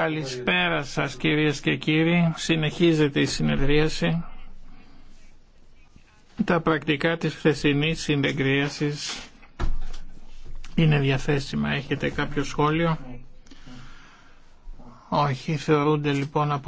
Καλησπέρα σας κυρίες και κύριοι. Συνεχίζεται η συνεδρίαση. Τα πρακτικά της χθεσινής συνεδρίασης είναι διαθέσιμα. Έχετε κάποιο σχόλιο. Όχι, θεωρούνται λοιπόν από